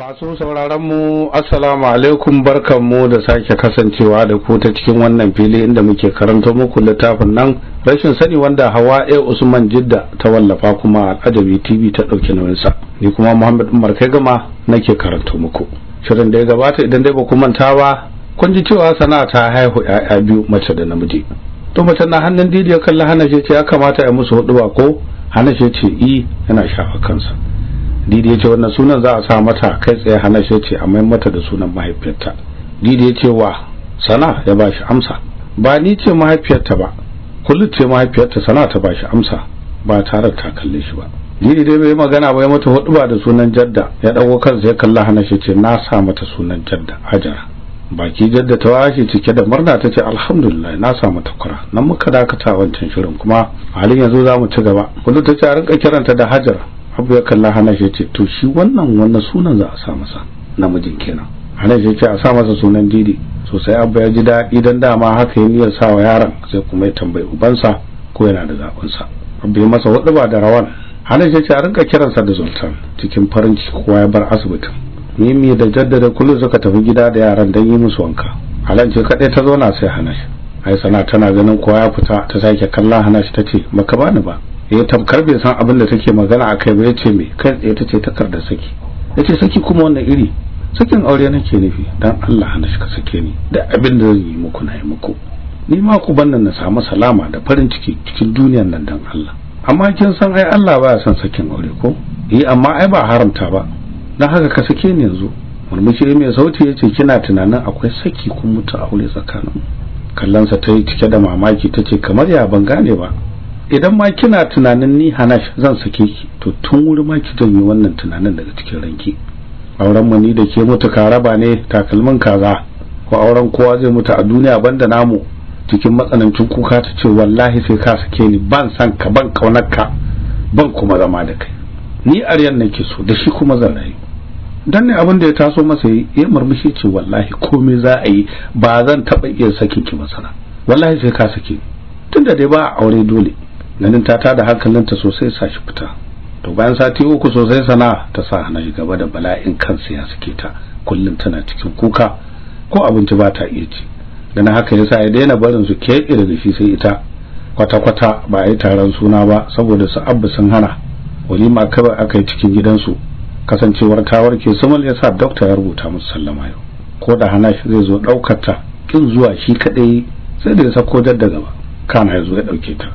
Masu sauraron mu Assalamu alaikum barkanmu da sake kasancewa da ku ta cikin wannan fili inda muke karanta muku littafin nan rashin sani wanda Hawa A Usman Jidda ta wallafa kuma Al'ajabi TV ta dauke nauyin sa. Ni kuma Muhammad Umar kai gama nake karanta muku. Shirin da ya gabata idan dai ba ku manta ba kun ji cewa sana'a ta haihu 'ya'ya biyu mace da namiji. To mace na hannun Didi ya kalli hana ce ya kamata ya musu hudu ba ko hana ce i e, yana shafa kansa. didi ya ce wannan sunan za a sa mata kai tsaye hana shi ce a mai mata da sunan mahaifiyarta. didi ya ce wa sana ya ba shi amsa ba ni ce mahaifiyarta ba kullu ce mahaifiyarta sana ta ba shi amsa ba tare ta kalle shi ba didi dai bai magana ba ya mata hudu ba da sunan jadda ya dago kansa ya kalla hana shi ce na sa mata sunan jadda hajara baki jadda ta washe cike da murna ta ce alhamdulillah na sa mata takwara nan muka dakata wancan shirin kuma halin yanzu za mu ci gaba kullu ta ce a rinka kiranta da hajara abu ya kalla hana shi ce to shi wannan wannan sunan za a sa masa namijin kenan hana shi ce a sa masa sunan didi sosai abu ya ji daɗi don dama haka ya niyyar sa wa yaron sai kuma ya tambayi ubansa ko yana da zaɓinsa abu ya masa wadda ba da rawan hana shi ce a rinka kiransa da sultan cikin farin ciki kowa ya bar asibitin mimi da jaddada kullum suka tafi gida da yaran don yi musu wanka halan ce kaɗai ta zauna sai hana shi ai sana tana ganin kowa ya fita ta sake kalla hana shi ta ce baka bani ba ya tamkar bai san abin da take magana a kai ba ya ce me kai tsaye ta ce takardar saki ya ce saki kuma wannan iri sakin aure nake nufi dan Allah na ka sake ni da abin da zan yi muku na yi muku ni ma ku bannan na samu salama da farin ciki cikin duniyar nan dan Allah amma kin san ai Allah baya son sakin aure ko eh amma ai ba haramta ba dan haka ka sake ni yanzu murmushi mai sauti yace kina tunanin akwai saki kun mutu aure tsakanin kallon sa ta yi cike da mamaki ta ce kamar ya ban gane ba idan ma kina tunanin ni Hanash zan sake ki to tun wuri ma ki janye wannan tunanin daga cikin ranki auren mu ni da ke mutu karaba ne takalmin kaza ko auren kowa zai mutu a duniya banda namu cikin matsanancin kuka ta ce wallahi sai ka sake ni ban san ka ban kaunar ka ban kuma zama da kai ni aryan nake so da shi kuma zan rayu dan ne abin da ya taso masa ya murmushi ce wallahi komai za a yi ba zan taɓa iya sakin ki masana wallahi sai ka sake ni tunda dai ba aure dole ganin ta tada hankalinta sosai sa shi fita to bayan sati uku sosai sana'a ta sa hana shi gaba da bala'in kansa ya suke ta kullum tana cikin kuka ko abinci ba ta iya ci dan haka yasa ya daina barin su keɓe daga shi sai ita kwata-kwata ba a yi taron suna ba saboda su abba sun hana walima kawai aka yi cikin gidansu kasancewar ta warke sumal ya sa dokta ya rubuta musu sallama yau ko da hana shi zai zo ɗaukar ta kin zuwa shi kaɗai sai da ya sako dadda gaba kana ya zo ya ɗauke ta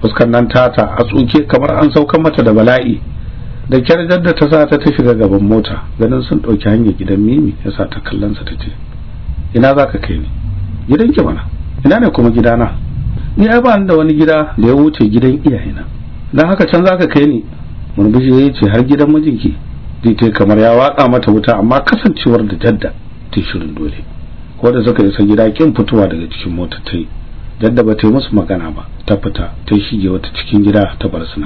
fuskar nan tata a tsuke kamar an sauka mata da bala'i da kyar da ta sa ta tafi ga gaban mota ganin sun ɗauki hanyar gidan mimi ya sa ta kallonsa ta ce ina za ka kai ni gidan ki mana ina ne kuma gidana ni ai ba da wani gida da ya wuce gidan iyayena dan haka can za ka kai ni murmushi ya ce har gidan mijinki zai ta kamar ya watsa mata wuta amma kasancewar da jadda ta shirin dole ko da suka isa gida kin fitowa daga cikin motar ta yi dadda ba ta yi musu magana ba ta fita ta shige wata cikin gida ta bar su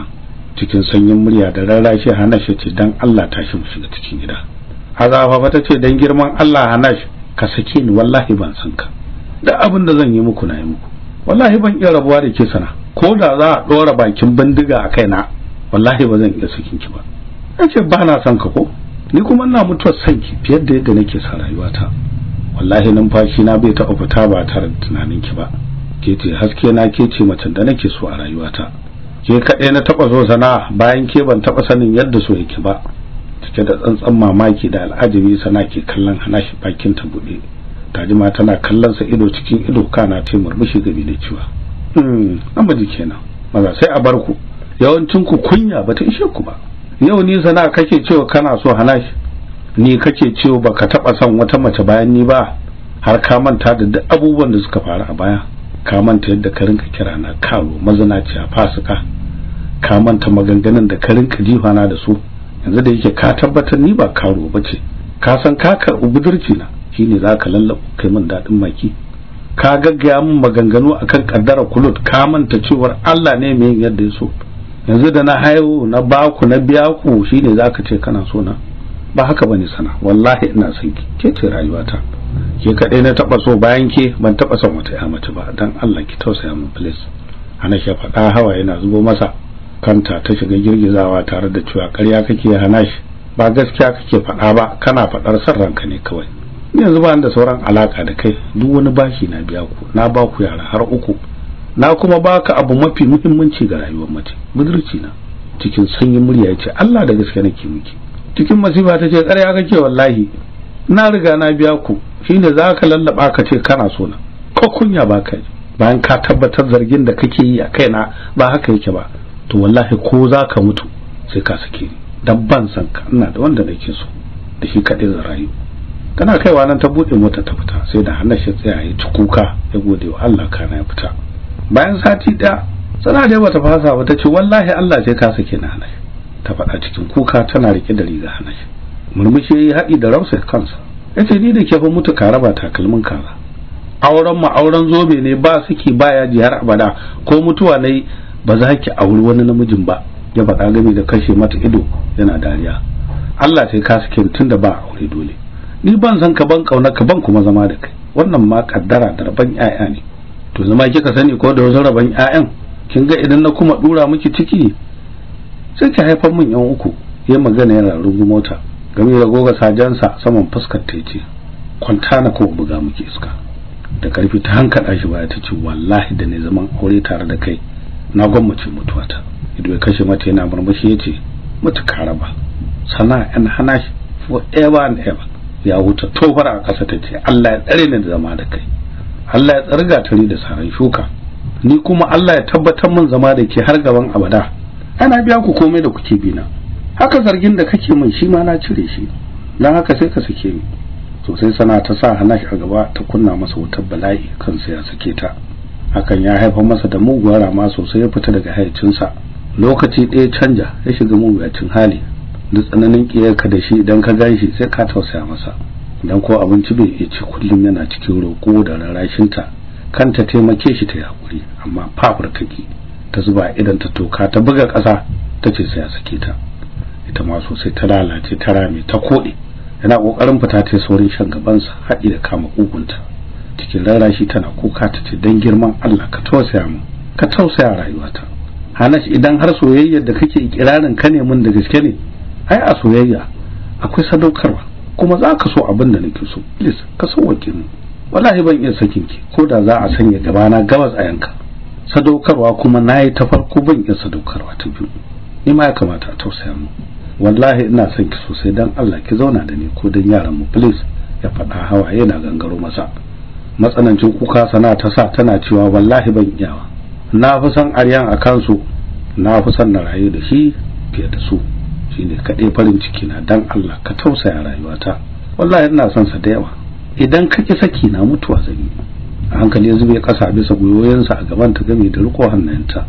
cikin sanyin murya da rarrashi Hanash shi ce dan Allah ta shi shiga cikin gida Hazafa fa ta ce dan girman Allah Hanash ka sake ni wallahi ban san ka da abin da zan yi muku na yi muku wallahi ban iya rabuwa da ke sana ko da za a dora bakin bindiga a kaina wallahi ba zan iya sakin ki ba ce ba na san ka ko ni kuma ina mutuwar san ki fiye da yadda nake sa rayuwata wallahi numfashi na bai taɓa fita ba tare da tunanin ki ba ke ce haske na ke ce macen da nake so a rayuwata ke kaɗai na taɓa so sana bayan ke ban taɓa sanin yadda so yake ba cike da tsantsan mamaki da al'ajabi sana ke kallon hana shi bakin ta buɗe tajima tana kallon sa ido cikin ido kana ta murmushi gabi da cewa hmm namiji kenan maza sai a bar ku yawancin ku kunya bata ishe ku ba yau ni sana kake cewa kana so hana shi ni kake cewa baka taɓa son wata mace bayan ni ba har ka manta da duk abubuwan da suka faru a baya ka manta yadda ka rinka kira na kawo a fasika ka manta maganganun da ka rinka na da su yanzu da yake ka tabbatar ni ba karo ce. ka san ka karɓi budurci na shine ka lallabo kai min daɗin maki ka gaggaya min maganganu akan kaddara kulut ka manta cewar Allah ne mai yadda ya so yanzu da na haihu na baku na biya ku shine ka ce kana so na ba haka bane sana wallahi ina son ke ce rayuwata ke kaɗai na taba so bayan ke ban taba son wata ya mace ba dan Allah ki tausaya mu please hana shi faɗa hawa yana zubo masa kanta ta shiga girgizawa tare da cewa ƙarya kake hana shi ba gaskiya kake faɗa ba kana faɗar san ranka ne kawai yanzu ba da sauran alaka da kai duk wani bashi na biya ku na ba ku yara har uku na kuma baka abu mafi muhimmanci ga rayuwar mace budurci na cikin sanyin murya ya Allah da gaske nake miki cikin masifa ta ce ƙarya kake wallahi na riga na biya ku shine za ka lallaba ka ce kana so na ko kunya ba ka bayan ka tabbatar zargin da kake yi a kaina ba haka yake ba to wallahi ko za ka mutu sai ka sake ni dan ban san ka ina da wanda nake so da shi kaɗai zan rayu tana kaiwa nan ta buɗe mota ta fita sai da hannun shi tsaya ya ci kuka ya gode wa Allah kana ya fita bayan sati ɗaya sana dai bata fasa ba ta ce wallahi Allah sai ka sake ni ta faɗa cikin kuka tana rike da riga hannun murmushi ya yi haɗi da rausa kansa yace ni da ke fa mutu ka raba takalmin kaza auren ma auren zobe ne ba suke ba ya jihar abada ko mutuwa yi ba za ki auri wani namijin ba ya faɗa gami da kashe mata ido yana dariya Allah sai ka sake tun da ba aure dole ni ban san ka ban kauna ka ban kuma zama da kai wannan ma kaddara da rabon ƴaƴa ne to zama kika sani ko da wajen rabon ƴaƴan kin ga idan na kuma dura miki ciki sai ki haifar min yan uku ya magana yana rungu mota game da goga sajansa saman fuskar ta ce kwanta na kuma buga muke iska da karfi ta hankala shi baya ta ce wallahi da ne zaman aure tare da kai na gwammace mutuwata ido ya kashe mata yana murmushi ya ce mutu karaba sana and hana shi forever and ever ya huta tofar a ƙasa ta ce Allah ya tsare ni da zama da kai Allah ya tsarga ta ni da saran shuka ni kuma Allah ya tabbatar min zama da ke har gaban abada ana biya ku komai da kuke bina haka zargin da kake min shi ma na cire shi dan haka sai ka sake ni sosai sana ta sa hana shi a gaba ta kunna masa wutar bala'i kansa ya sake ta hakan ya haifa masa da muguwar rama sosai ya fita daga haicinsa. lokaci ɗaya canja ya shiga cin hali da tsananin ƙiyarka da shi idan ka shi sai ka tausaya masa idan ko abinci bai iya ci kullum yana cikin roƙo da rarashinta kanta taimake shi ta yi hakuri amma fafurkaki ta zuba idan ta toka ta buga ƙasa ta ce sai ya sake ta ita ma sosai ta lalace ta rame ta kode yana kokarin fita ta saurin shan gaban sa haɗi da kama kugunta cikin rarashi tana kuka ta ce dan girman Allah ka tausaya mu ka tausaya rayuwata hanashi idan har soyayyar da kake ikirarin ka ne mun da gaske ne ai a soyayya akwai sadaukarwa kuma za ka so abin da nake so please ka sauwake mu wallahi ban iya sakin ki ko da za a sanya gabana gabas a yanka sadaukarwa kuma nayi ta farko ban iya sadaukarwa ta biyu ni ma ya kamata a tausaya mu wallahi ina son ki sosai dan Allah ki zauna da ni ko dan yaran mu please ya faɗa hawa yana gangaro masa matsanancin kuka sana ta sa tana cewa wallahi ban iyawa na fi son aryan a kansu na fi son na rayu da shi fiye da su shine kaɗai farin ciki na dan Allah ka tausaya rayuwata wallahi ina son sa da yawa idan ka ki saki na mutuwa zan yi a hankali ya zube ƙasa bisa gwiwoyinsa a gaban ta game da riko hannayenta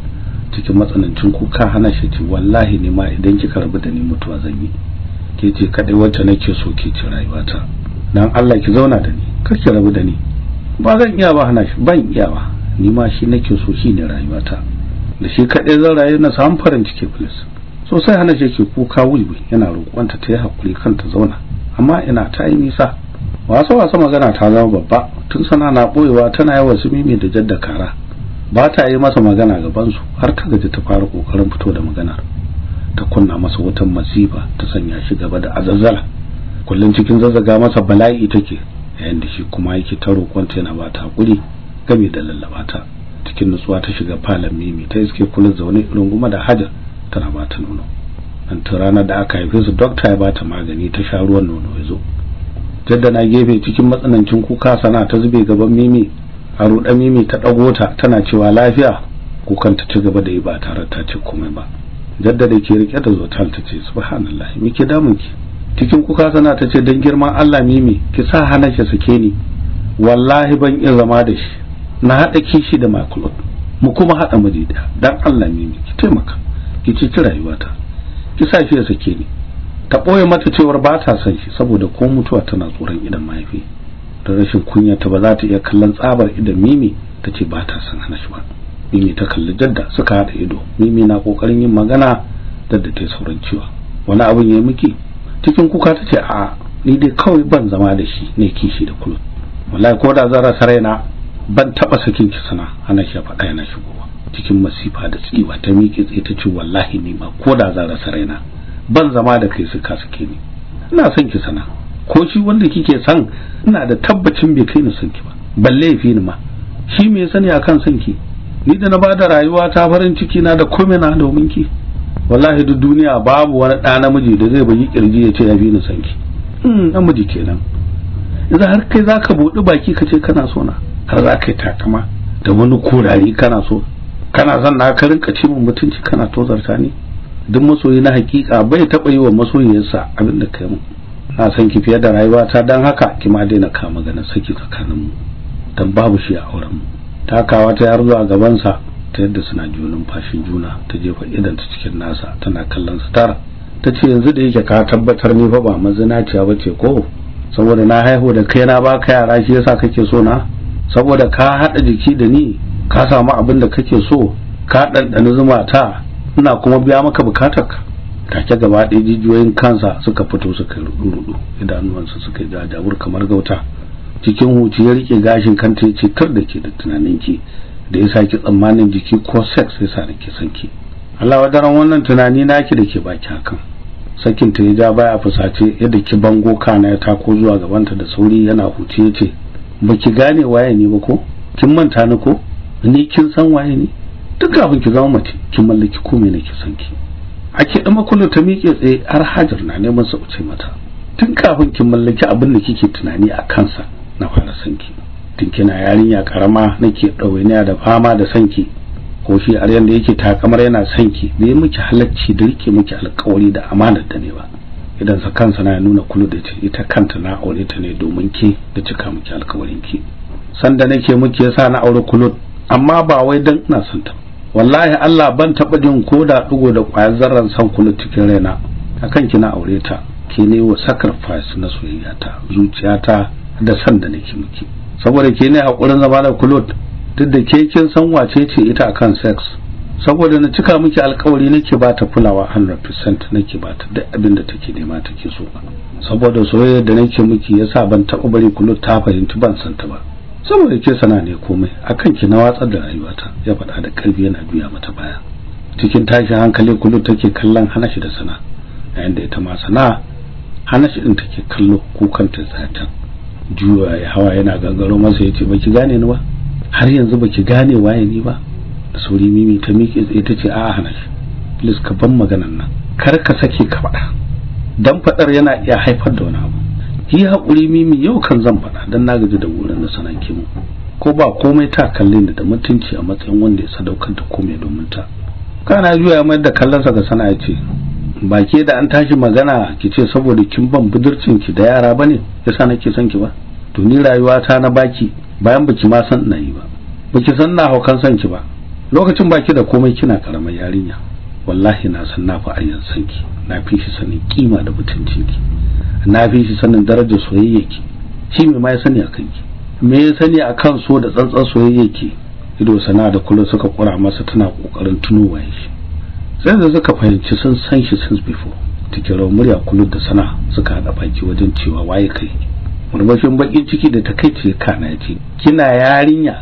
cikin matsanancin kuka hana shi ce wallahi ne ma idan kika rabu da ni mutuwa zan yi ke ce kadai wacce nake so ke ci rayuwata dan Allah ki zauna da ni kar ki rabu da ni ba zan iya ba hana shi ban iya ba ni ma shi nake so shi ne rayuwata da shi kadai zan rayu na samu farin ciki please sosai hana shi ke kuka wuyuwi yana roƙonta ta yi hakuri kanta zauna amma ina ta yi nisa wasa wasa magana ta zama babba tun sana na boyewa tana yawan su mimi da jaddakara kara ba ta yi masa magana gabansu har ta gaji ta fara kokarin fito da maganar ta kunna masa wutan masifa ta sanya shi gaba da azazzala Kullum cikin zazzaga masa bala'i take yayin da shi kuma yake ta roƙonta yana ba ta hakuri game da lallabata cikin nutsuwa ta shiga falon mimi ta iske kullun zaune runguma da hajar tana ba ta nono an ta ranar da aka haife su dokta ya ba ta magani ta sha ruwan nono ya zo jadda na gefe cikin matsanancin kuka sana ta zube gaban mimi a mimi ta dago ta tana cewa lafiya ko kanta ci gaba da yi ba tare ta ce komai ba jaddada ke rike da zotal ta ce subhanallah me ke damun ki cikin kuka sana ta ce dan girman Allah mimi ki sa hana ki sake ni wallahi ban iya zama da shi na hada kishi da makulot mu kuma hada madida dan Allah mimi ki taimaka ki ci ci rayuwata ki sa shi ya sake ni ta boye mata cewar ba ta son shi saboda ko mutuwa tana tsoron idan mahaifi da rashin kunya ta ba za ta iya kallon tsabar idan mimi ta ce ba ta son hana shi ba mimi ta kalli jadda suka haɗa ido mimi na ƙoƙarin yin magana da ta sauran cewa wani abin ya yi miki cikin kuka ta ce a ni dai kawai ban zama da shi ne kishi da kullum wallahi ko da zara na ban taɓa sakin ki sana hana shi faɗa yana shigowa cikin masifa da tsiwa ta miƙe tsaye ta ce wallahi ni ma ko da zara na ban zama da kai suka suke ni ina son ki sana ko shi wanda kike san ina da tabbacin bai kai ni son ki ba balle ni ma shi me sani akan sanki? ni da na bada rayuwa ta farin ciki na da komai na domin ki wallahi duk duniya babu wani ɗa namiji da zai bugi kirji ya ce ya fi ni sanki. ki in hmm, namiji kenan idan har kai zaka buɗe baki ka ce kana so na har za yi takama da wani kurari kana so kana son na ka rinka ce mutunci kana tozarta ni duk masoyi na hakika bai taɓa yi wa masoyiyarsa abin da kai mun na san ki fiye da rayuwata dan haka ki ma daina kama ganin saki tsakanin mu don babu shi a aurenmu takawa ta yar zuwa gaban sa ta yadda suna junin fashin juna ta jefa idan ta cikin nasa tana kallon su tara ta ce yanzu da yake ka tabbatar ni fa ba mazinaciya ba ce ko saboda na haihu da kai na baka yara shi yasa kake so na saboda ka haɗa jiki da ni ka samu abin da kake so ka ɗanɗani zuma ta ina kuma biya maka bukatarka kace gaba ɗaya jijiyoyin kansa suka fito suka rudu idanuwansa suka jajawur kamar gauta cikin huci ya rike gashin kanta yace kar da ke da tunaninki da ya ki tsammanin jiki ko sex sai sa nake sanki Allah wadaran wannan tunani naki da ke baki hakan sakin ta ya ja baya fusace yadda ki bango kana ya tako zuwa gabanta da sauri yana huci yace baki gane waye ne ba ko kin manta ni ko ni kin san waye ne duk abin ki zama mace kin mallaki komai nake ki a kiɗa makullin ta miƙe tsaye har hajar na neman sa mata tun kafin kin mallaki abin da kike tunani a kansa na fara sanki tun kina yarinya karama nake ɗawainiya da fama da sanki ko shi a da yake takamar yana sanki ya miki halacci da rike miki alƙawari da amanar da ne ba idan sa kansa na nuna kullu da ita kanta na aure ta ne domin ke da cika miki alƙawarin ki sanda nake miki yasa na aure kullu amma ba wai dan ina son ta wallahi Allah ban taɓa jin ko da ɗigo da ƙwayar zarran san kula cikin raina A akan kina aure ta ke ne wa sacrifice na soyayya ta zuciya ta da san da nake miki saboda ke ne hakurin zama da kulot duk da ke kin san wace ce ita akan sex saboda na cika miki alƙawari nake ba ta kulawa 100% nake ba ta duk abin da take nema take so saboda soyayya da nake miki yasa ban taɓa bari kulot ta fahimci ban san ta ba saboda ke sana ne komai akan ki na watsar da rayuwata ya faɗa da ƙarfi yana juya mata baya cikin tashin hankali kullum take kallon hana shi da sana yayin da ita ma sana hana shi din take kallo kukan ta zata. juwa ya hawa yana gangaro masa yace baki gane ni ba har yanzu baki gane waye ni ba da sauri mimi ta miƙe tsaye tace a'a hana shi please ka ban maganan nan kar ka sake ka faɗa dan faɗar yana iya haifar da wani abu yi haƙuri mimi yau kan zan faɗa don na gaji da wurin na sana mu ko ba komai ta kalle ni da mutunci a matsayin wanda ya sadaukar da komai domin ta kana juya mai da kallonsa ga sana ya ce ba ke da an tashi magana ki ce saboda kin ban budurcin ki da yara bane yasa nake son ki ba to ni rayuwa ta na baki bayan baki ma san ina yi ba baki san na haukan son ki ba lokacin baki da komai kina karamar yarinya wallahi na san na fi ayyan sanki na fi shi sanin kima da mutunci ki na fi shi sanin darajar soyayya ki shi mai ma ya sani akan ki me ya sani akan so da tsantsan soyayya ki ido sana da kullum suka kura masa tana kokarin tunowa shi sai da suka fahimci sun san shi since before cikin rawar murya kullum da sana suka haɗa baki wajen cewa waye kai murmushin bakin ciki da takaice kana ya kina yarinya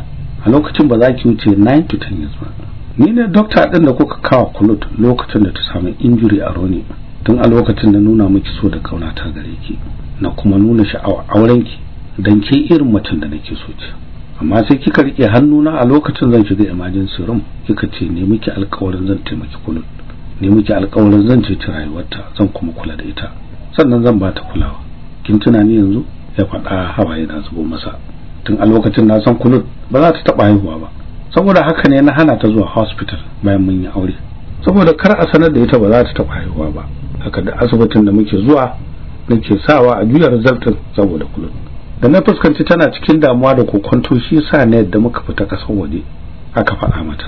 a lokacin ba za ki wuce 9 to 10 years ba ni ne dokta ɗin da kuka kawo kulut lokacin da ta samu injuri a roni tun a lokacin da nuna miki so da kauna ta gare ki na kuma nuna sha'awa aurenki dan ke irin mutum da nake so ki. amma sai kika rike hannuna a lokacin zan shiga emergency room kika ce ne miki alƙawarin zan taimaki kulut ne miki alƙawarin zan ceci rayuwarta zan kuma kula da ita sannan zan ba ta kulawa kin tuna ni yanzu ya faɗa hawaye na zubo masa tun a lokacin na san kulut ba za ta taɓa haihuwa ba saboda haka ne na hana ta zuwa hospital bayan mun yi aure saboda kar a sanar da ita ba za ta taɓa haihuwa ba haka da asibitin da muke zuwa nake sawa a juya result saboda kullum da na fuskanci tana cikin damuwa da kokonto shi yasa na yadda muka fita kasan waje aka faɗa mata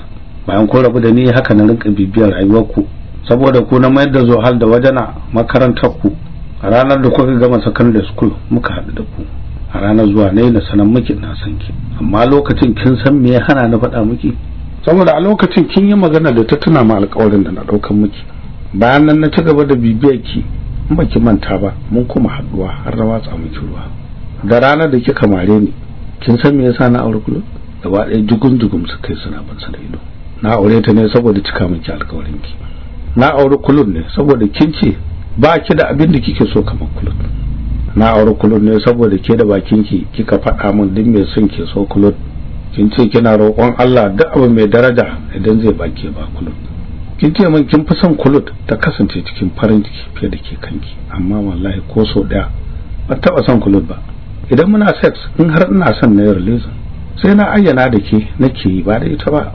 bayan kun rabu da ni haka na rinka bibiyar ku saboda ku na mayar da zohal da wajena makarantar ku a ranar da kuka gama sakandare school muka haɗu da ku a ranar zuwa na na sanan miki na san ki amma lokacin kin san me ya hana na faɗa miki saboda a lokacin kin yi magana da ta tuna ma alƙawarin da na ɗaukan miki bayan nan na ci gaba da bibiyar ki in baki manta ba mun kuma haɗuwa har na watsa miki ruwa da ranar da kika mare ni kin san me yasa na aure kulu gaba ɗaya jugun jugum su kai suna ban da ido na aure ta ne saboda cika miki alƙawarin ki na aure kulun ne saboda kin ce ba ki da abin da kike so kamar kulun. na auri kulun ne saboda ke da bakin ki kika faɗa min duk mai son ke so kulun. kin ce kina roƙon Allah duk abu mai daraja idan zai bake ba kulun. kin ce min kin fi son kulun ta kasance cikin farin ciki fiye da ke kanki amma wallahi ko so ɗaya ban taɓa son kulun ba idan muna sex in har ina son na yi release sai na ayyana da ke nake yi ba da ita ba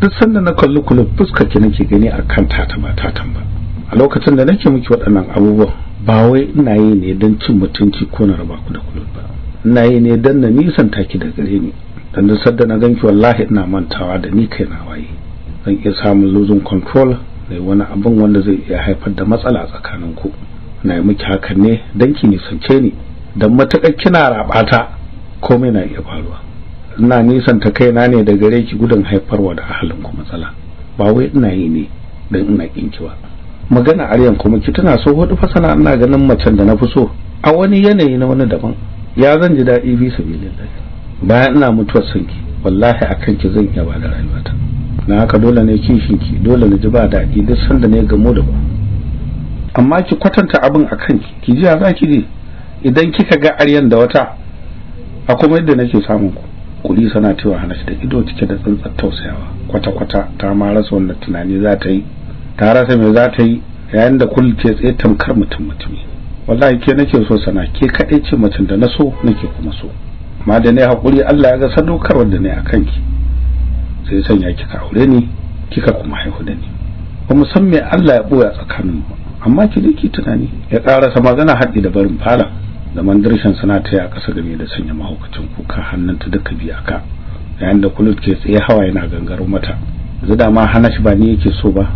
duk sanda na kalli kulun fuskar ki nake gani a kan ta ta ba ta a lokacin da nake miki waɗannan abubuwan ba wai ina yi ne don cin mutunci ko na raba da kullum ba ina yi ne don na nisan taki da gare ni don da sadda na ganki wallahi ina mantawa da ni kai na waye zan iya samun losing control da wani abin wanda zai iya haifar da matsala tsakanin ku na yi miki hakan ne dan ki nisance ni dan matakar kina rabata komai na iya faruwa ina nisan ta kaina ne da gare ki gudun haifarwa da ahalin ku matsala ba wai ina yi ne don ina kinki ba magana aryan kuma ki tana so hudu sana ina ganin macen da na fi so a wani yanayi na wani daban ya zan ji daɗi fi sabilillah bayan ina mutuwar sanki wallahi akan ki zan iya da rayuwata na haka dole ne kishin ki dole na ji ba daɗi duk sanda ne gamo da ku amma ki kwatanta abin a kanki ki ji za ki ji idan kika ga aryan da wata a kuma yadda nake samun ku kuɗi sana cewa hana shi da ido cike da tsantsar tausayawa kwata-kwata ta ma rasa wannan tunani za ta yi Tare sai me za ta yi yayin da kul ke tsaye tamkar mutum mutumi wallahi ke nake so sana ke kaɗai ce mutum da na so nake kuma so amma da ne haƙuri Allah ya ga sadaukarwar da ne a kanki sai sanya kika aure ni kika kuma haihu da ni ba mu san me Allah ya boya tsakanin mu amma ki dake tunani ya sama magana haɗi da barin fara da mandirshin suna ta a ƙasa game da sanya mahaukacin kuka hannunta duka biya ka yayin da kulut ke tsaye hawa yana gangaro mata yanzu ma hana shi ba ni yake so ba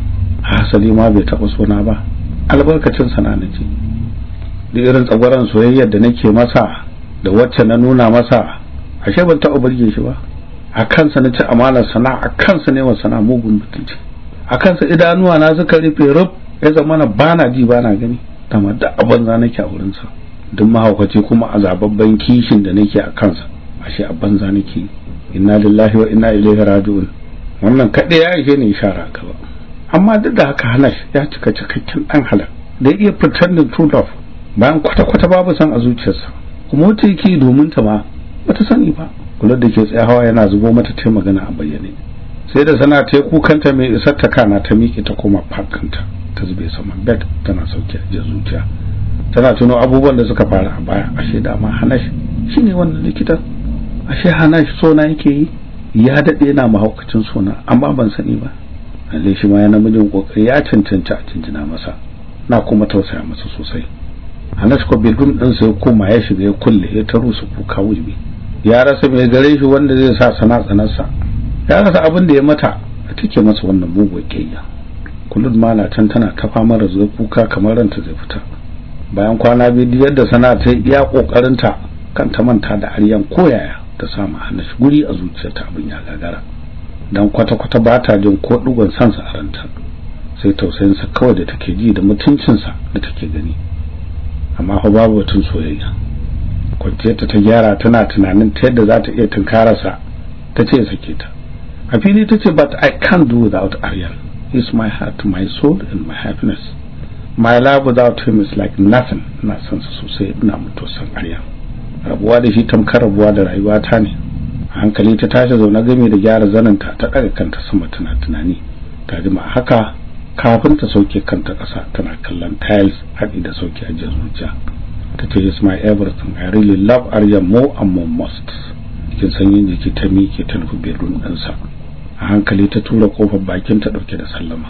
hasali ma bai taɓa sona ba albarkacin sana na ce duk irin tsagwaran soyayyar da nake masa da wacce na nuna masa ashe ban taɓa burge shi ba a kansa na ci amalar sana a kansa ne wa sana mugun mutunci a kansa idanuwa na suka rufe rub ya zama na bana ji bana gani kama da abin za nake a wurinsa duk mahaukaci kuma a zababben kishin da nake a kansa ashe a banza nake inna lillahi wa inna ilaihi raji'un wannan kaɗai ya ishe ne ishara gaba amma duk da haka Hanash ya cika cikakken dan halak da iya pretending true love bayan kwata-kwata babu san a zuciyarsa kuma wata yake domin ta ma bata sani ba kula da ke tsayawa yana zubo mata ta magana a bayyane sai da sana ta kukanta mai isar ta kana ta miƙe ta koma fakanta. ta zube saman bed tana sauke da zuciya tana tuno abubuwan da suka fara a baya ashe da ma hanash shine wannan likitan ashe hanash sona yake yi ya daɗe yana mahaukacin sona amma ban sani ba lalle shi ma yana mijin kokari ya cancanta a cincina masa na kuma tausaya masa sosai Anas ko ɗin din sai kuma ya shiga ya kulle ya taro su kuka wujbi ya rasa mai gare shi wanda zai sa sana sa ya rasa abin da ya mata a take masa wannan mugun kiyya kullum tan tana kafa mara zai kuka kamar ranta zai fita bayan kwana biyu da sana ta iya kokarinta kan ta manta da aryan koyaya ta samu Anas guri a zuciyarta abin ya gagara don kwata-kwata ba ta jin ko ɗigon sansa a ranta sai tausayinsa kawai da take ji da mutuncinsa da take gani amma fa babu batun soyayya kwanciyarta ta gyara tana tunanin ta yadda za ta iya tunkararsa ta ce sake ta a fili ta ce but I can't do without Aryan he's my heart my soul and my happiness my love without him is like nothing ina sansa sosai ina mutuwar san Aryan rabuwa da shi tamkar rabuwa da rayuwata ne hankali ta tashi zauna game da gyara zananta ta ɗaga kanta sama tana tunani ta jima haka kafin ta sauke kanta ƙasa tana kallon tiles haɗi da sauke a zuciya ta ce is my everything i really love arya more and more most cikin sanyin jiki ta miƙe ta nufi bedroom ɗinsa a hankali ta tura ƙofar bakin ta ɗauke da sallama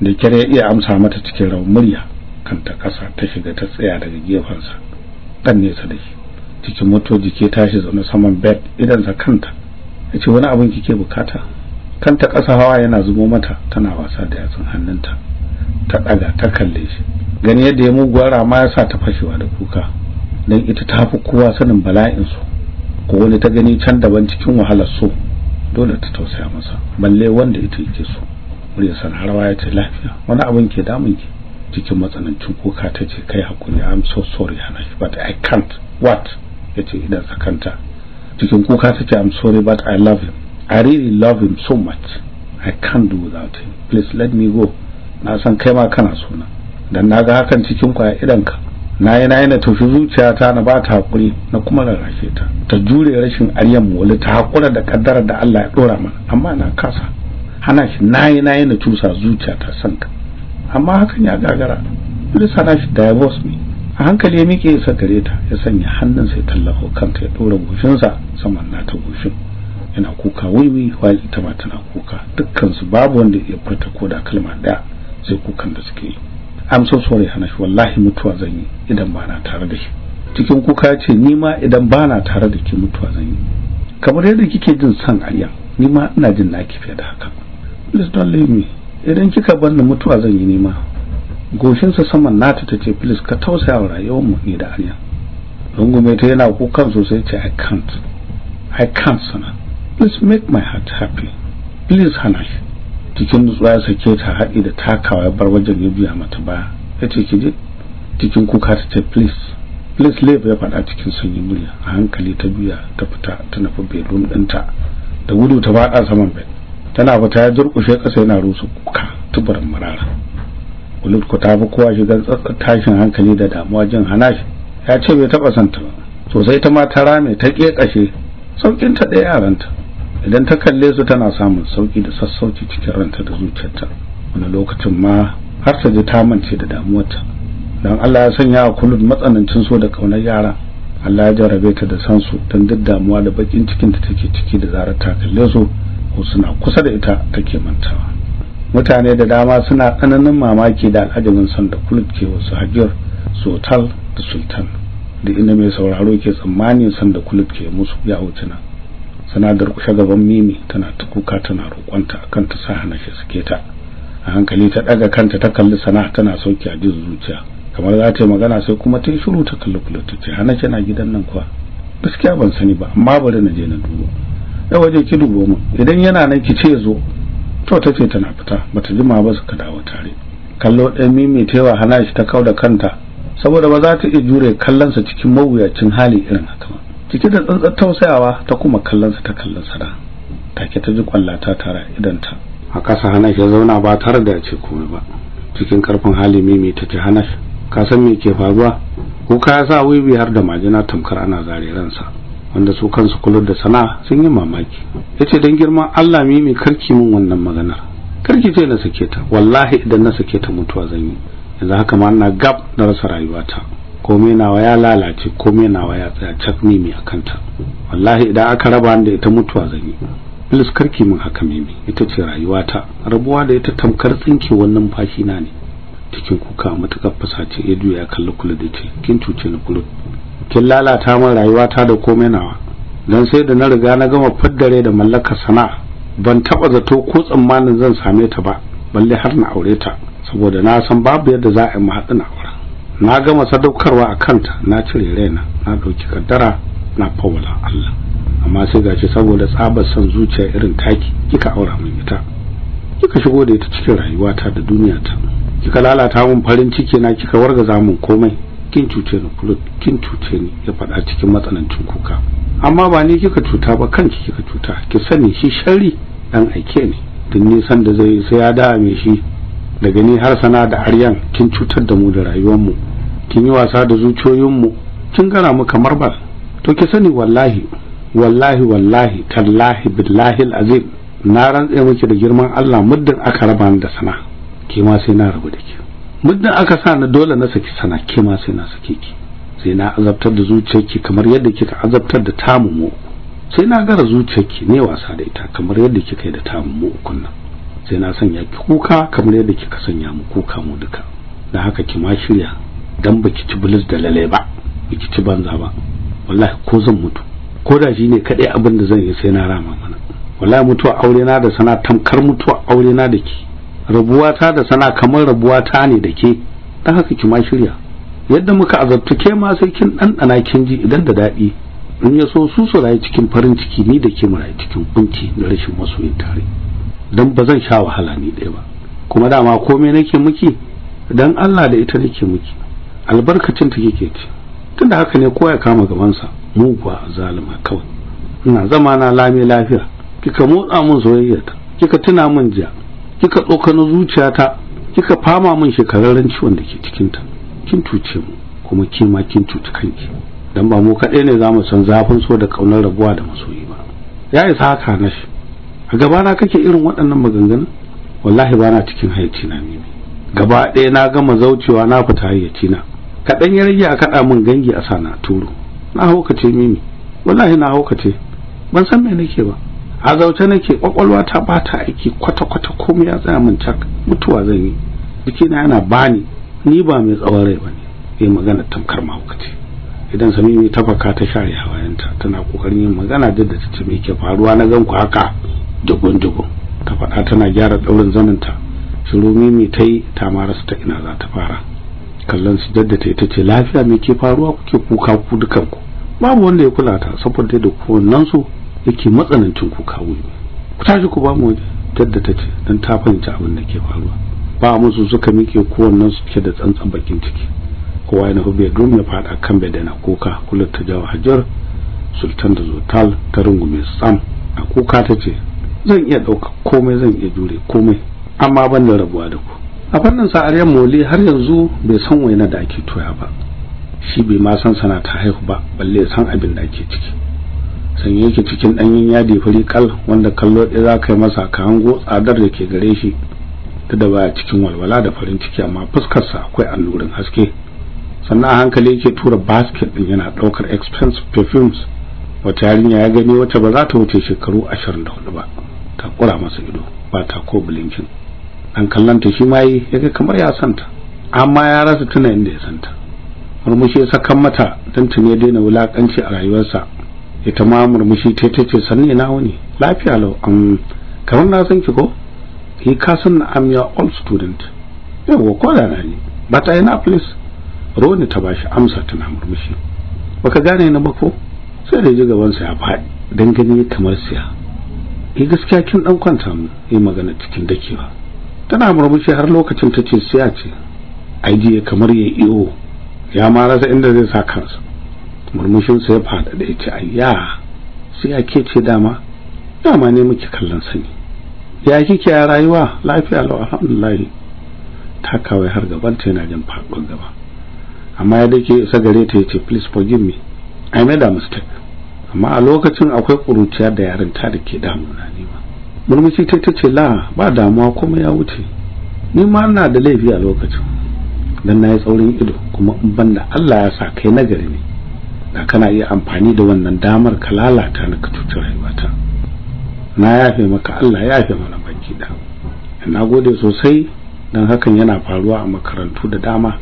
da kyar ya iya amsa mata cikin rawar murya kanta ƙasa ta shiga ta tsaya daga gefensa ɗan nesa da shi ta moto jike tashi zaune saman bed idansa kanta ya ce wani abin kike bukata kanta ƙasa hawa yana zubo mata tana wasa da yatsun hannunta ta ɗaga ta kalle shi gani yadda ya muguwa rama ya sa ta fashewa da kuka don ita ta fi kowa sanin bala'insu ko wani ta gani can daban cikin wahalar so dole ta tausaya masa balle wanda ita yake so murya sanarwa ya ce lafiya wani abin ke damun ki cikin matsanancin kuka ta ce kai hakuri i'm so sorry hana but i can't what ya ce ina tsakanta cikin kuka take I'm sorry but I love him I really love him so much I can't do without him please let me go na san kai ma kana suna dan na ga hakan cikin kwaya idan ka na yi na yi na tafi ta na ba ta hakuri na kuma rarrashe ta ta jure rashin aryan mole ta hakura da kaddara da Allah ya ɗora mana amma na kasa hana shi na yi na yi na tusa zuciya san ka amma hakan ya gagara please hana shi divorce me a hankali ya miƙe ya gare ta ya sanya hannunsa ya tallafa kanta ya ɗora gushinsa saman ta gushin yana kuka wiwi wali ita ma tana kuka dukkansu babu wanda ya furta ko da kalma ɗaya sai kukan da suke yi am so sorry shi, wallahi mutuwa zan yi idan ba na tare da shi cikin kuka ce ni ma idan ba na tare da ki mutuwa zan yi kamar yadda kike jin san aliya ni ma ina jin naki fiye da haka please idan kika bani mutuwa zan yi nema goshinsa saman nata ta ce please ka tausaya wa rayuwar mu ni da anya rungume ta yana kukan sosai ce I can't I can't sana please make my heart happy please hana shi. cikin nutsuwa ya sake ta haɗi da takawa ya bar wajen ya biya mata baya ya ce ki je cikin kuka ta ce please please leave ya faɗa cikin sanyi murya a hankali ta biya ta fita ta nufi bedroom ɗinta da gudu ta faɗa saman bed tana fita ya durƙushe ƙasa yana rusa kuka tuburin marara Kulubku ta fi kowa shigar tsatsar tashin hankali da damuwa jin hana shi. ya ce bai taɓa santa ba sosai ta ma ta rame ta sauƙin ta ɗaya yaranta idan ta kalle su tana samun sauki da sassauci cikin ranta da zuciyarta wani lokacin ma har ta ji ta mance da damuwarta dan Allah ya sanya a kulub matsanancin so da kaunar yara Allah ya jarabe ta da san su dan duk damuwa da bakin cikin ta take ciki da zarar ta kalle su ko suna kusa da ita take mantawa mutane da dama suna tsananin mamaki da al'ajabin son da ke wasu hajjar sotal da sultan da ina mai sauraro ke tsammani son da ke musu ya wuce nan sana durkushe gaban mimi tana kuka tana roƙonta akan ta sa hana shi suke ta a hankali ta ɗaga kanta ta kalli sana tana sauki a jin zuciya kamar za ta yi magana sai kuma ta yi shiru ta kalli kulut ta ce hana na gidan nan kuwa gaskiya ban sani ba amma bari na je na dubo Yau waje ki dubo mu idan yana nan ki ce zo to ta ce tana fita bata jima ba suka dawo tare kallo ɗan mimi taiwa hana shi ta kau da kanta saboda ba za ta iya jure kallonsa cikin mawuyacin hali irin haka ba cikin da tsantsar tausayawa ta kuma kallonsa ta kallon sada take ta ji kwallata tara idanta a kasa hana shi zauna ba tare da ya ce komai ba cikin karfin hali mimi ta ce hana ka san me ke faruwa ko ka sa wiwi har da majina tamkar ana zare ransa wanda su kansu kulur da sana sun yi mamaki ya ce don girma Allah mimi karki min wannan maganar karki ce na sake ta wallahi idan na sake ta mutuwa zan yi yanzu haka ma ina gab na rasa rayuwata komai nawa ya lalace komai nawa ya tsaya cak mimi a kanta wallahi idan aka raba da ita mutuwa zan yi bilis karki min haka mimi ita ce rayuwata rabuwa da ita tamkar tsinke wannan fashi na ne cikin kuka matukar fasace ya juya kalli kula da ce kin cuce ni kulut kin lalata min rayuwata da komai nawa don sai da na riga na gama faddare da mallakar sana'a ban taba zato ko tsammanin zan same ta ba balle har na aure ta saboda na san babu yadda za a yi mahaɗin aure na gama sadaukarwa a kanta na cire raina na ɗauki kaddara na fawala Allah amma sai gashi saboda tsabar son zuciya irin taki kika aura min ita kika shigo da ita cikin rayuwata da duniyata kika lalata min farin ciki na kika wargaza min komai kin cuce ni kulut kin cuce ni ya faɗa cikin matsanancin kuka amma ba ni kika cuta ba kanki kika cuta ki sani shi shari dan aike ne duk nisan da zai sai ya da me shi daga ni har sana da aryan kin cutar da mu da rayuwar mu kin yi wasa da zuciyoyin mu kin gara mu kamar ba to ki sani wallahi wallahi wallahi tallahi billahi alazim na rantse miki da girman Allah muddin aka raba ni da sana ke ma sai na rabu da ke muddin aka sa na dole na saki sana ke ma sai na sake ki sai na azabtar da zuciyarki kamar yadda kika azabtar da tamu mu sai na gara zuciyarki ne wasa da ita kamar yadda kika yi da tamu mu kunna sai na sanya ki kuka kamar yadda kika sanya mu kuka mu duka da haka ki ma shirya dan baki ci bulus da lalle ba baki ci banza ba wallahi ko zan mutu ko da shi ne kadai abin da zan yi sai na rama mana wallahi mutuwa aure na da sana tamkar mutuwa aure na da ki rabuwata da sana kamar rabuwata ne da ke ta haka ki ma shirya yadda muka azabtu ke ma sai kin ɗanɗana kin ji idan da daɗi in ya so su su rayu cikin farin ciki ni da ke mu rayu cikin kunci da rashin masoyin tare dan ba zan sha wahala ni ɗaya ba kuma dama komai nake miki dan Allah da ita nake miki albarkacin ta kike ci tunda haka ne ko ya kama gabansa mu kuwa zalima kawai ina zama na lami lafiya kika motsa mun soyayyata kika tuna mun jiya kika na zuciyata kika fama min shekararren ciwon da ke cikinta kin tuce mu kuma ke ma kin cuci kanki dan ba mu kaɗai ne zamu san zafin so da ƙaunar rabuwa da masoyi ba ya isa haka na shi a gaba kake irin waɗannan maganganun wallahi ba na cikin hayyaci na mimi gaba ɗaya na gama zaucewa na fita hayyaci na kaɗan ya rage a kaɗa min gangi a sana turu na haukace mimi wallahi na haukace ban san me nake ba a zaute nake kwakwalwa ta bata aiki kwata-kwata komai ya tsaya min cak mutuwa zan yi jikina yana bani ni ba mai tsawon rai ba ne ya magana tamkar mahaukaci idan samimi ta faka ta share hawayenta tana kokarin yin magana duk da ta me ke faruwa na ku haka dubun dubun ta faɗa tana gyara ɗaurin zaninta shiru mimi ta yi ta marasa ta ina za ta fara kallon su dadda ta yi ta ce lafiya me ke faruwa kuke kuka ku dukanku babu wanda ya kula ta saboda da kowannensu yake matsanancin kuka wuri ku tashi ku bamu mu tadda ta ce don ta fahimci abin da ke faruwa ba musu suka mike wannan suke da tsantsan bakin ciki kowa ya nufi drum ya fada kan bed na kuka kullum ta jawo hajjar sultan da zotal ta rungume sam a kuka ta ce zan iya ɗauka komai zan iya jure komai amma ban da rabuwa da ku a fannin sa'ariyar mole har yanzu bai san waina da ake toya ba shi bai ma san sana ta haihu ba balle san abin da ake ciki sanye yake cikin ɗanyen yadi fari kal wanda kallo ɗaya za ka yi masa ka hango tsadar da ke gare shi ta da baya cikin walwala da farin ciki amma fuskarsa akwai allurin haske sannan a hankali yake tura basket ɗin yana ɗaukar expense perfumes wata yarinya ya gani wacce ba za ta wuce shekaru ashirin da hudu ba ta kura masa ido ba ta ko bilinkin an kallanta shi ma yi yaga kamar ya santa amma ya rasa tuna inda ya santa murmushi ya sakan mata don tuni ya daina wulakanci a rayuwarsa ita ma murmushi ta ta ce sanni ina wani lafiya lau an kamar na san ki ko ki ka san am ya all student yawa ko da na ne but i na please roni ta ba shi amsa tana murmushi baka gane na ba ko sai da ji gaban sa ya faɗi dan gani kamar siya ki gaskiya kin dan kwanta mu yi magana cikin dakewa tana murmushi har lokacin ta ce siya ce ai kamar ya iyo ya ma rasa inda zai sa kansa Murmushin ya fada da ya ayya sai a ke ce dama dama ne muke kallon sani ya kike a rayuwa lafiya lau alhamdulillah ta kawai har gabanta yana jin faɗuwar gaba amma ya dake isa gare ta ya ce please forgive me I made a mistake amma a lokacin akwai kuruciya da yarinta da ke damuna ne ba murmushi ta tace la ba damuwa kuma ya wuce ni ma ina da laifi a lokacin dan na yi tsaurin ido kuma in banda Allah ya sa kai nagari ne da kana iya amfani da wannan damar ka lalata na ka cutar rayuwata na yafe maka Allah ya yafe mana baki da na gode sosai don hakan yana faruwa a makarantu da dama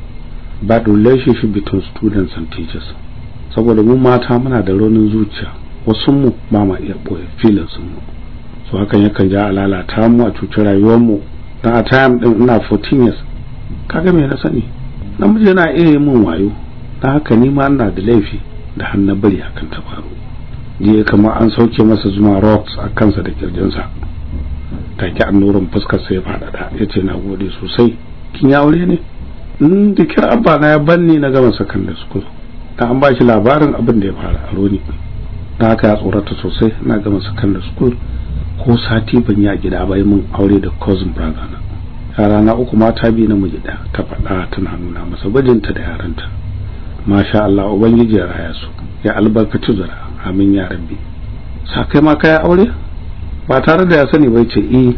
bad relationship between students and teachers saboda mu mata muna da raunin zuciya wasu mu ba ma iya boye feelings mu so hakan yakan ja a lalata mu a cutar rayuwar mu dan a time ɗin ina 14 years kaga me na sani namiji yana iya yin mun wayo dan haka ni ma ina da laifi da hannu bari hakan ta faru jiya kama an sauke masa zuma rocks a kansa da kirjinsa take annurin fuskar sai faɗaɗa ya ce na gode sosai kin ya aure ne in mm, da abba na ya banne na gama secondary school da an ba shi labarin abin da ya fara aro ne da haka ya tsorata sosai na gama secondary school ko sati ban ya gida ba mun aure da cousin brother na yara na uku mata biyu na mu gida ta faɗa tana nuna masa bajinta da yaranta masha Allah ubangiji ya raya su ya albarkaci zura amin ya rabbi sa kai ma kai aure ba tare da ya sani bai ce eh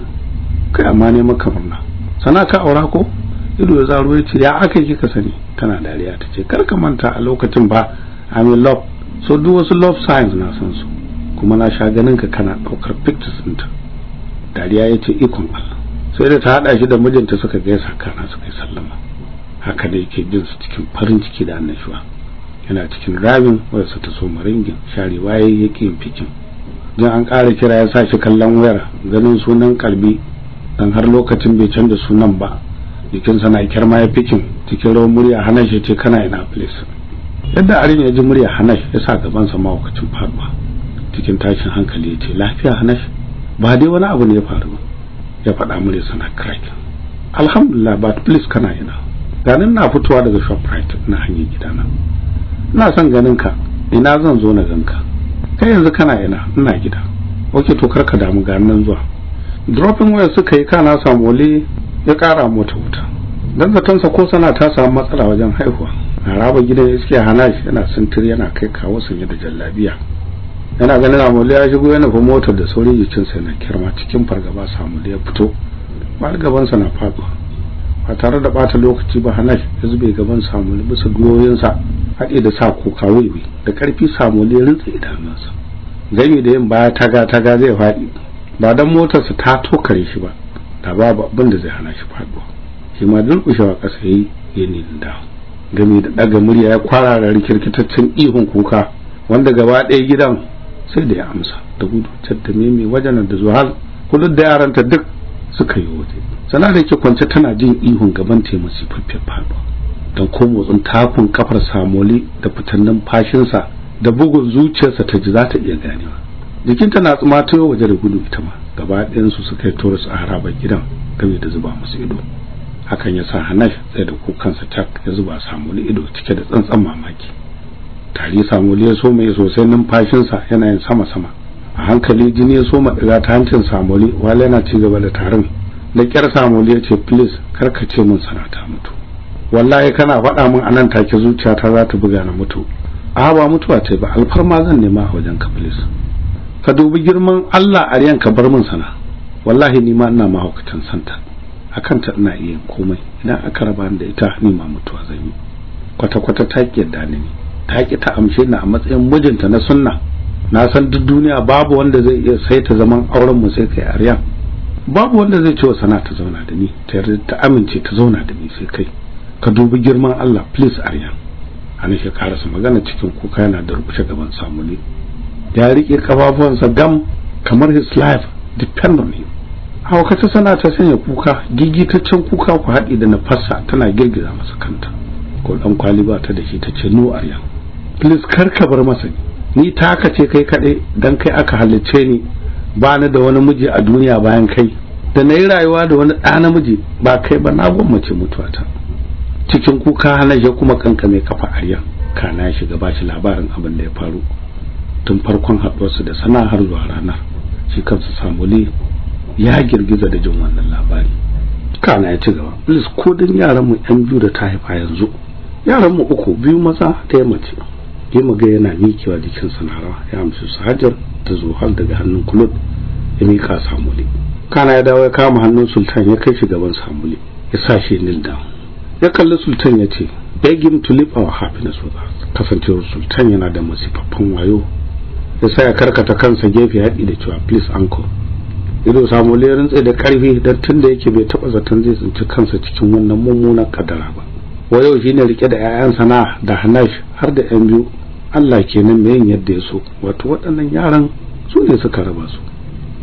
kai amma ne maka murna sana ka aura ko ido ya zaro ya ce ya aka kika sani tana dariya ta ce kar ka manta a lokacin ba i in love so duk wasu love signs na san su kuma na sha ganin ka kana daukar pictures ɗinta dariya ya ce ikon Allah sai da ta hada shi da mijinta suka gaisa kana suka yi sallama haka da yake jin su cikin farin ciki da annashuwa yana cikin ramin wayarsa ta so maringin sharewa waye yake yin fikin don an ƙara kira ya sa shi kallon wayar ganin sunan kalbi dan har lokacin bai canza sunan ba jikinsa na kyar ya fikin cikin rawar murya hana shi ce kana ina place yadda arin ya ji murya hana hanash ya sa gabansa mahaukacin faruwa cikin tashin hankali ya ce lafiya hana shi ba dai wani abu ne ya faru ya faɗa murya sana crack alhamdulillah ba please kana ina ganin na fitowa daga shoprite na hanyar gidana ina son ganin ka ina zan zo na ganka kai yanzu kana ina ina gida oke to karka damu ga nan zuwa dropping waya suka yi kana samu ya kara mota wuta dan sa ko sana ta samu matsala wajen haihuwa haraba gidan iske hana shi yana sintir yana kai kawo sanye da jallabiya yana ganin amuli ya shigo yana fi motar da sauri jikinsa yana kirma cikin fargaba samu da ya fito ba gabansa na faɗuwa ba tare da bata lokaci ba hanash ya zube gaban samuli bisa gloyinsa haɗe da sa kuka waiwai da ƙarfi samuli ya rintsa idanunsa gami da yin baya taga taga zai faɗi ba dan motarsa ta tokare shi ba da babu abin da zai hana shi faɗuwa shi ma durƙushewa ƙasa yi ya da. gami da ɗaga murya ya kwarara rikirkitaccen ihun kuka wanda gaba ɗaya gidan sai da ya amsa da gudu da mai wajen da zuhal kudu da yaranta duk suka yi waje sana da yake kwance tana jin ihun gaban ta masifaffiyar faɗo don ko motsin takun kafar samoli da fitan numfashinsa da bugun zuciyarsa ta ji za ta iya ganewa jikinta na tsumatayo waje da gudu ita ma gaba ɗayansu suka yi su a harabar gidan game da zuba musu ido hakan ya sa hanash sai da kukansa tak ya zuba samoli ido cike da tsantsan mamaki Tari samoli ya so mai sosai numfashinsa yana yin sama-sama a hankali jini ya soma daga ta hancin samoli wale yana ci gaba da tarin da kyar samoli ya ce please kar ka ce min sana ta mutu wallahi kana faɗa min anan take zuciya ta za ta buga na mutu a ba mutuwa ce ba alfarma zan nema a wajen ka please ka dubi girman Allah a riyan ka bar min sana wallahi ni ma ina mahaukacin santa a ta ina iya komai idan aka raba da ita ni ma mutuwa zan yi kwata kwata ta ƙi yadda ni ta ƙi ta amshe ni a matsayin mijinta na sunna na san duk duniya babu wanda zai iya saita zaman auren mu sai kai arya babu wanda zai ce wa sana ta zauna da ni ta yarda ta amince ta zauna da ni sai kai ka dubi girman Allah please arya an shi karasa magana cikin kuka yana da rubuce gaban samuli ya rike kafafuwansa gam kamar his life depend on him hawa ta sana ta sanya kuka gigitaccen kuka ku haɗi da na nafasa tana girgiza masa kanta ko dan kwali ba ta da shi ta ce no arya please kar ka bar masa ni ni taka ce kai kaɗai don kai aka halicce ni ba ni da wani miji a duniya bayan kai da na yi rayuwa da wani ɗa namiji ba kai ba na gwammace mutuwa ta cikin kuka hana ya kuma kanka mai kafa arya kana ya shiga bashi labarin abin da ya faru tun farkon haɗuwarsu da sana har zuwa rana shi kansa samuli ya girgiza da jin wannan labari kana ya ci gaba please ko din yaran mu yan biyu da ta haifa yanzu yaran mu uku biyu maza ta mace ya maga yana mikewa jikin sanara ya amsu sahajar ta zo har daga hannun kulot ya mika samuli kana ya dawo ya kama hannun sultan ya kai shi gaban samuli ya sa shi nil ya kalli sultan ya ce beg him to live our happiness with us kasancewar sultan yana da masifaffan wayo ya sa ya karkata kansa gefe haɗi da cewa please uncle ido samuli ya tsaye da ƙarfi don tunda da yake bai taɓa zaton zai tsinci kansa cikin wannan mummunan kadara ba wa yau shine rike da ƴaƴan na da Hanash har da 'yan biyu Allah kenan mai yin yadda ya so wato waɗannan yaran su ne suka raba su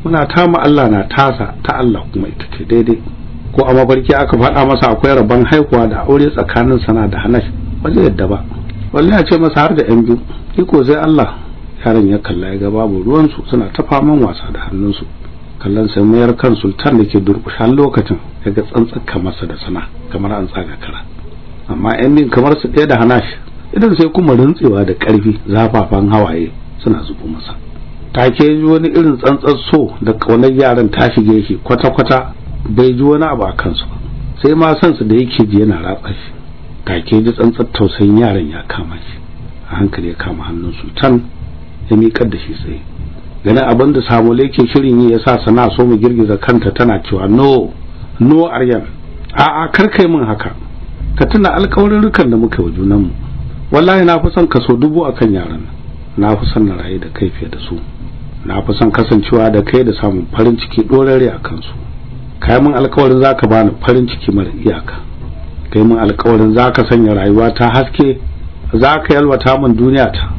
muna tama Allah na tasa ta Allah kuma ita ce daidai ko a mafarki aka faɗa masa akwai rabon haihuwa da aure tsakanin sana da Hanash ba zai yadda ba wallahi ce masa har da 'yan biyu iko sai Allah yaran ya kalla ya ga babu ruwan su suna ta faman wasa da hannunsu kallon sai mayar kan sultan da ke durƙushan lokacin ya ga tsantsaka masa da sana kamar an tsaga kara amma yan din kamar su ɗaya da shi idan sai kuma rintsewa da ƙarfi zafafan hawaye suna zubo masa ta ke ji wani irin tsantsan so da ƙaunar yaran ta shige shi kwata-kwata bai ji wani abu a kansu sai ma san su da yake ji yana ratsa shi ta ke ji tsantsar tausayin yaran ya kama shi a hankali ya kama hannun sultan ya miƙar da shi sai. gani abin da samuel yake shirin yi ya sa sana so mu girgiza kanta tana cewa no no aryan a'a kar kai min haka ka tuna alƙawarurrukan da muka yi wa junanmu wallahi na fi son kaso dubu akan yaran na fi son na rayu da kai fiye da su na fi son kasancewa da kai da samun farin ciki dorare a kansu kai mun alƙawarin zaka bani farin ciki mara iyaka kai mun alƙawarin zaka sanya rayuwa ta haske zaka yalwata min duniya ta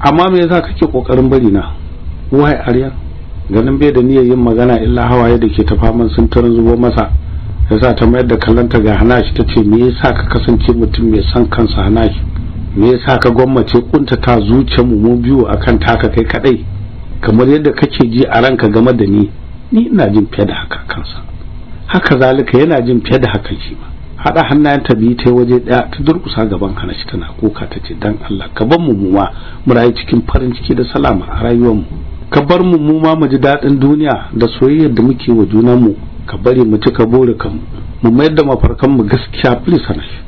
amma me yasa kake kokarin bari na wai arya ganin bai da niyyar yin magana illa hawaye da ke ta faman sun tarin zubo masa sa ta mayar da kallanta ga hanashi ta ce me yasa ka kasance mutum mai son kansa hanashi me yasa ka gwammace ta zuciyar mu mu biyu a kan taka kai kadai kamar yadda kake ji a ranka game da ni ni ina jin fiye da haka kansa haka zalika yana jin fiye da haka shi ma haɗa ta biyu ta yi waje ɗaya ta durƙusa gaban hanashi tana kuka ta ce dan Allah ka bar mu muma mu rayu cikin farin ciki da salama a rayuwarmu ka bar mu ma mu ji daɗin duniya da soyayyar da muke wa junanmu ka bari mu ci ka cika kan mu mayar da mafarkan mu gaskiya please sana shi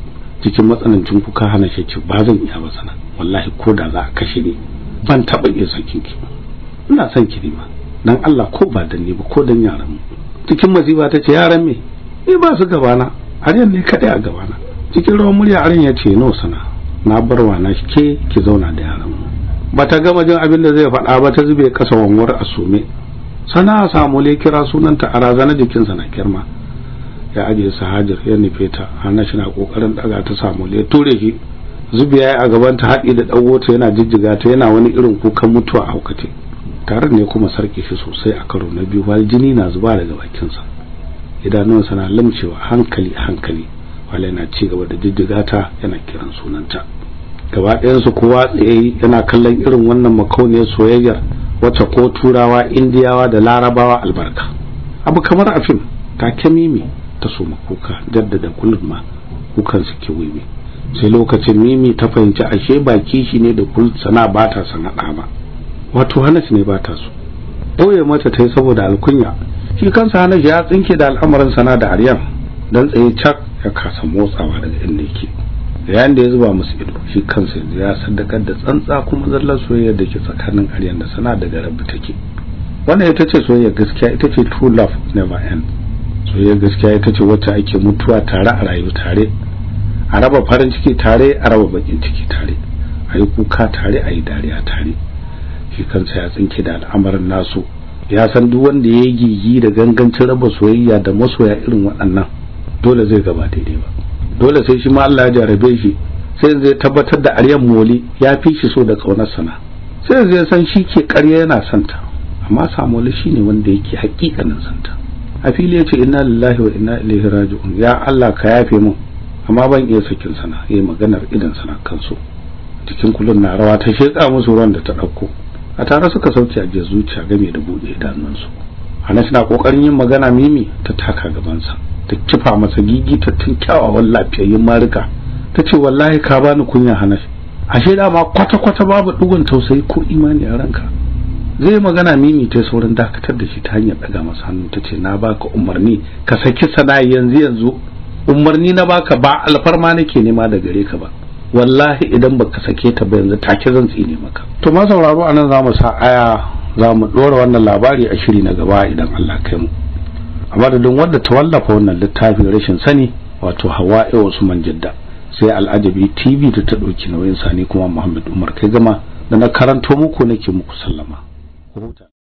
cikin matsanancin kuka hana shi ce ba zan iya ba sana wallahi ko da za kashe ne ban taɓa iya sakin ki ina son ki ne ma dan Allah ko ba danni ni ba ko dan yaran mu cikin masiba ta ce yaran me ni ba su gaba na har yanzu kaɗai a na cikin rawar murya arin ya ce no sana na barwa na ke ki zauna da yaran mu bata gama jin abin da zai faɗa ba ta zube kasa wanwar a sume sana samule kira sunanta a razana jikinsa na girma. ya ajiye su hajar ya nufe ta hana shi na kokarin daga ta samu ya ture shi zubi ya yi a gaban ta haɗi da ɗagota yana jijjiga ta yana wani irin kukan mutuwa a haukace taron ne kuma sarki shi sosai a karo na biyu wal jini na zuba daga bakinsa idanunsa na lamcewa hankali hankali wala yana ci gaba da jijjiga ta yana kiran sunanta gaba ɗayansu kowa tsaye yana kallon irin wannan makauniyar soyayyar wacce ko turawa indiyawa da larabawa albarka abu kamar a fim ka mimi ta soma kuka jaddada kulma kukan su ke wiwi sai lokacin mimi ta fahimci ashe baki shi ne da kul sana ba ta sana ba wato hanas ne ba ta so ɗauye mata ta yi saboda alkunya shi kansa hanas ya tsinke da al'amarin sana da aryan don tsaye cak ya kasa motsawa daga inda yake yayin da ya zuba musu ido shi kansa ya sadakar da tsantsa kuma zallar soyayya da ke tsakanin aryan da sana da garabu take wannan ita ce soyayya gaskiya ita ce true love never end soyayya gaskiya ita ce wacce ake mutuwa tare a rayu tare a raba farin ciki tare a raba bakin ciki tare a yi kuka tare a yi dariya tare shi kansa ya tsinke da al'amarin nasu ya san duk wanda ya yi gigi da gangancin raba soyayya da masoya irin waɗannan dole zai gaba daidai ba dole sai shi ma Allah ya jarabe shi sai zai tabbatar da aryan moli ya fi shi so da kaunar sana sai zai san shi ke ƙarya yana santa amma samoli ne wanda yake hakikanin santa a fili ya ce inna lillahi wa inna ilaihi raji'un ya Allah ka yafe mun amma ban iya sakin sana yayi maganar idan sana kansu cikin kullun na rawa ta sheka musu ruwan da ta ɗauko, a tare suka sauke a zuciya game da buɗe idanunsu Anas na kokarin yin magana mimi ta taka gabansa ta kifa masa gigi ta tun kyawawan lafiyayyun marika ta ce wallahi ka bani kunya hana ashe dama kwata-kwata babu dugun tausayi ko imani a ranka zai magana mimi ta saurin dakatar da shi ta hanyar daga masa hannu ta ce na baka umarni ka saki sanai yanzu yanzu umarni na baka ba alfarma nake nema da gare ka ba wallahi idan baka sake ta ba yanzu take zan tsine maka to ma sauraro anan zamu sa aya zamu dora wannan labari a shiri na gaba idan Allah kai mu a madadin wanda ta wallafa wannan littafin rashin sani wato hawa hawa'i wasu manjadda sai al'ajabi tv da ta ɗauki nauyin sani kuma muhammad umar kai gama da na karanto muku nake muku sallama